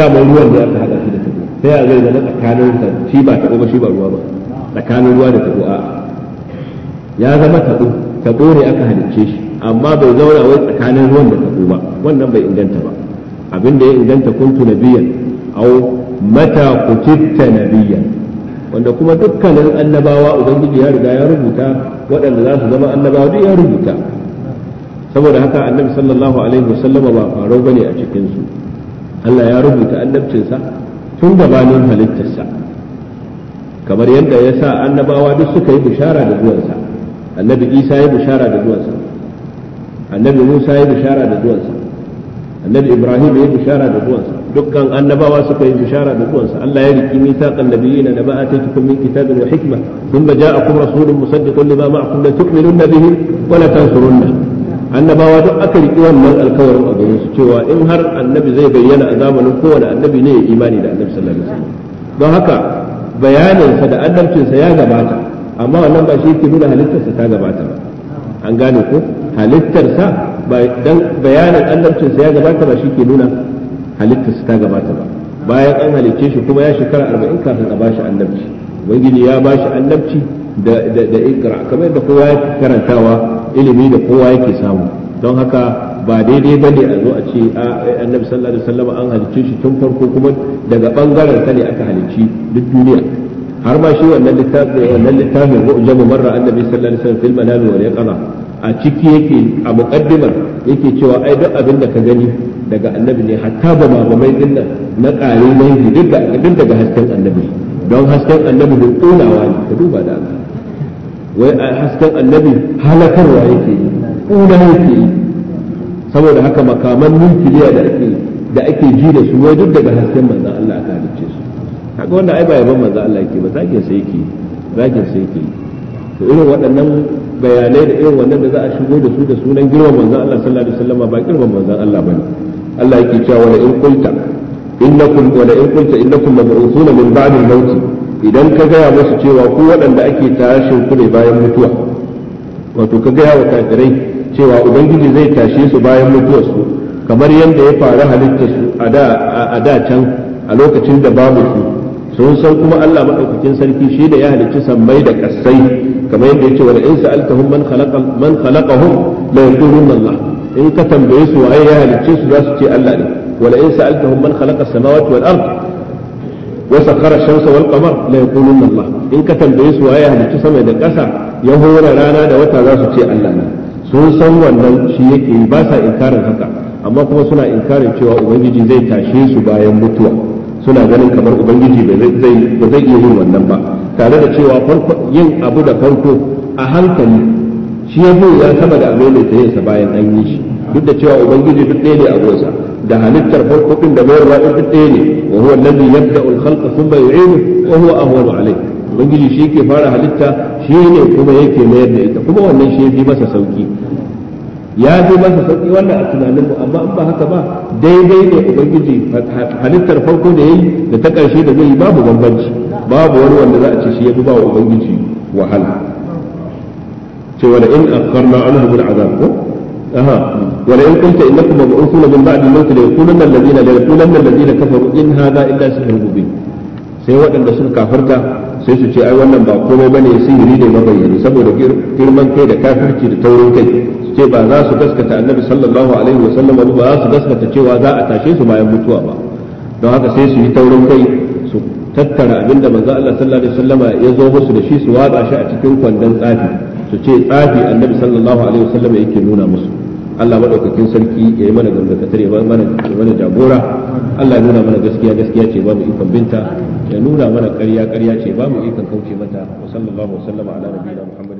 ba aka hada da sai a zai zama tsakanin ta shi ba ta ba shi ba ruwa ba tsakanin ruwa da ta a ya zama tabo tabo ne aka halicce shi amma bai zauna wai tsakanin ruwan da taɓo ba wannan bai inganta ba abin da ya inganta kuntu biyan au mata kutitta biyan. wanda kuma dukkanin annabawa ubangiji ya riga ya rubuta waɗanda za su zama annabawa duk ya rubuta saboda haka annabi sallallahu alaihi wasallama ba faro bane a cikin su Allah ya rubuta annabcinsa tun gabanin halittarsa kamar yadda ya sa annabawa duk suka yi bishara da zuwansa annabi isa ya bishara da zuwansa annabi musa ya bishara da zuwansa annabi ibrahim ya bishara da zuwansa dukkan annabawa suka yi bishara da zuwansa Allah ya riki mithaqan nabiyina da ba ta ataitukum min kitabin wa hikma thumma ja'akum rasulun musaddiqun lima ma'akum la tu'minunna bihi wa la tansurunna annabawa duk aka riƙi wannan alkawarin a gare su cewa in har annabi zai bayyana a zamanin kowane annabi ne ya imani da annabi sallallahu alaihi wasallam don haka bayaninsa da annabcinsa ya gabata amma wannan ba shi yake nuna halittarsa ta gabata ba an gane ko halittarsa dan bayanin annabcinsa ya gabata ba shi ke nuna halittarsa ta gabata ba bayan an halicce shi kuma ya shekara arba'in kafin a bashi annabci ubangiji ya bashi annabci da da ikra kamar yadda kowa ya karantawa ilimi da kowa yake samu don haka ba daidai ba ne a zo a ce eh, annabi sallallahu alaihi wasallam an halicce shi tun farko kuma daga bangaren sa ne aka halicci duk duniya har ma shi wannan littafin wannan littafin jama'a marra annabi sallallahu alaihi wasallam fil manami wal yaqra a ciki yake a muqaddimar yake cewa ai duk abin da ka gani daga annabi ne hatta ba ma ba mai dinnan na ƙare mai duk daga hasken annabi don hasken annabi ne ƙonawa ne ka duba da Allah wai a hasken annabi halakarwa yake kuna yake saboda haka makaman nukiliya da ake da ake ji da su wai duk daga hasken manzo Allah aka halicce su kaga wannan ai ba yaban manzo Allah yake ba zagin sai yake zagin sai yake to irin waɗannan bayanai da irin wannan da za a shigo da su da sunan girman manzo Allah sallallahu alaihi wasallam ba girman manzo Allah bane Allah yake cewa wala in qulta innakum wala in qulta innakum mab'uthuna min ba'di al-maut idan ka gaya musu cewa ku waɗanda ake tashin ku ne bayan mutuwa wato ka gaya wa kafirai cewa ubangiji zai tashe su bayan mutuwarsu kamar yadda ya faru halittar su a da can a lokacin da babu su sun san kuma Allah madaukakin sarki shi da ya halicci sammai da kassai kamar yadda ya ce wa in sa'altahum man khalaqa man khalaqahum la yaqulunna Allah in ka tambaye su waye ya halicce su za su ce Allah ne wa in sa'altahum man khalaqa as-samawati wal ardh wa sakhara shamsa wal qamar la yaqulunna Allah in ka tambaye su waye halicci sama da ƙasa ya hora rana da wata za su ce Allah ne sun san wannan shi yake ba sa inkarin haka amma kuma suna inkarin cewa ubangiji zai tashe su bayan mutuwa suna ganin kamar ubangiji ba zai iya yin wannan ba tare da cewa farko yin abu da farko a hankali shi ya fi ya kama da abin da ta bayan an yi shi duk da cewa ubangiji duk ɗaya ne a gosa da halittar farko din da mayar bayan duk ɗaya ne wa huwa allazi yabda'u al-khalqa thumma yu'idu wa huwa ahwanu alayh ubangiji shi yake fara halitta shi ne kuma yake mayar da ita kuma wannan shi yafi masa sauki ya fi masa sauki wannan a tunanin mu amma in ba haka ba daidai ne ubangiji halittar farko da yayi da ta karshe da zai babu bambanci babu wani wanda za a ce shi yafi ba wa ubangiji wahala cewa da in akharna anhu bil azab ko aha ولئن قلت انكم مبعوثون من بعد الموت ليقولن الذين ليقولن الذين كفروا ان هذا الا سحر مبين sai waɗanda suka kafarta sai su ce ai wannan ba komai ba bane sihiri ne mabayyani saboda girman kai da kafirci da taurin kai su ce ba za su gaskata annabi sallallahu alaihi wa sallam ba za su gaskata cewa za a tashe su bayan mutuwa ba don haka sai su yi taurin kai su tattara abinda manzo Allah sallallahu alaihi wa sallama ya zo musu da shi su watsa shi a cikin kwandon tsafi su ce tsafi annabi sallallahu alaihi wa sallam yake nuna musu Allah madaukakin sarki ya yi mana gangakatar ya mana jagora Allah ya nuna mana gaskiya gaskiya ce ba mu ikon binta ya nuna mana karya ƙarya ce ba mu ikon kauce mata wa sallallahu wa sallama ala nabiyina Muhammad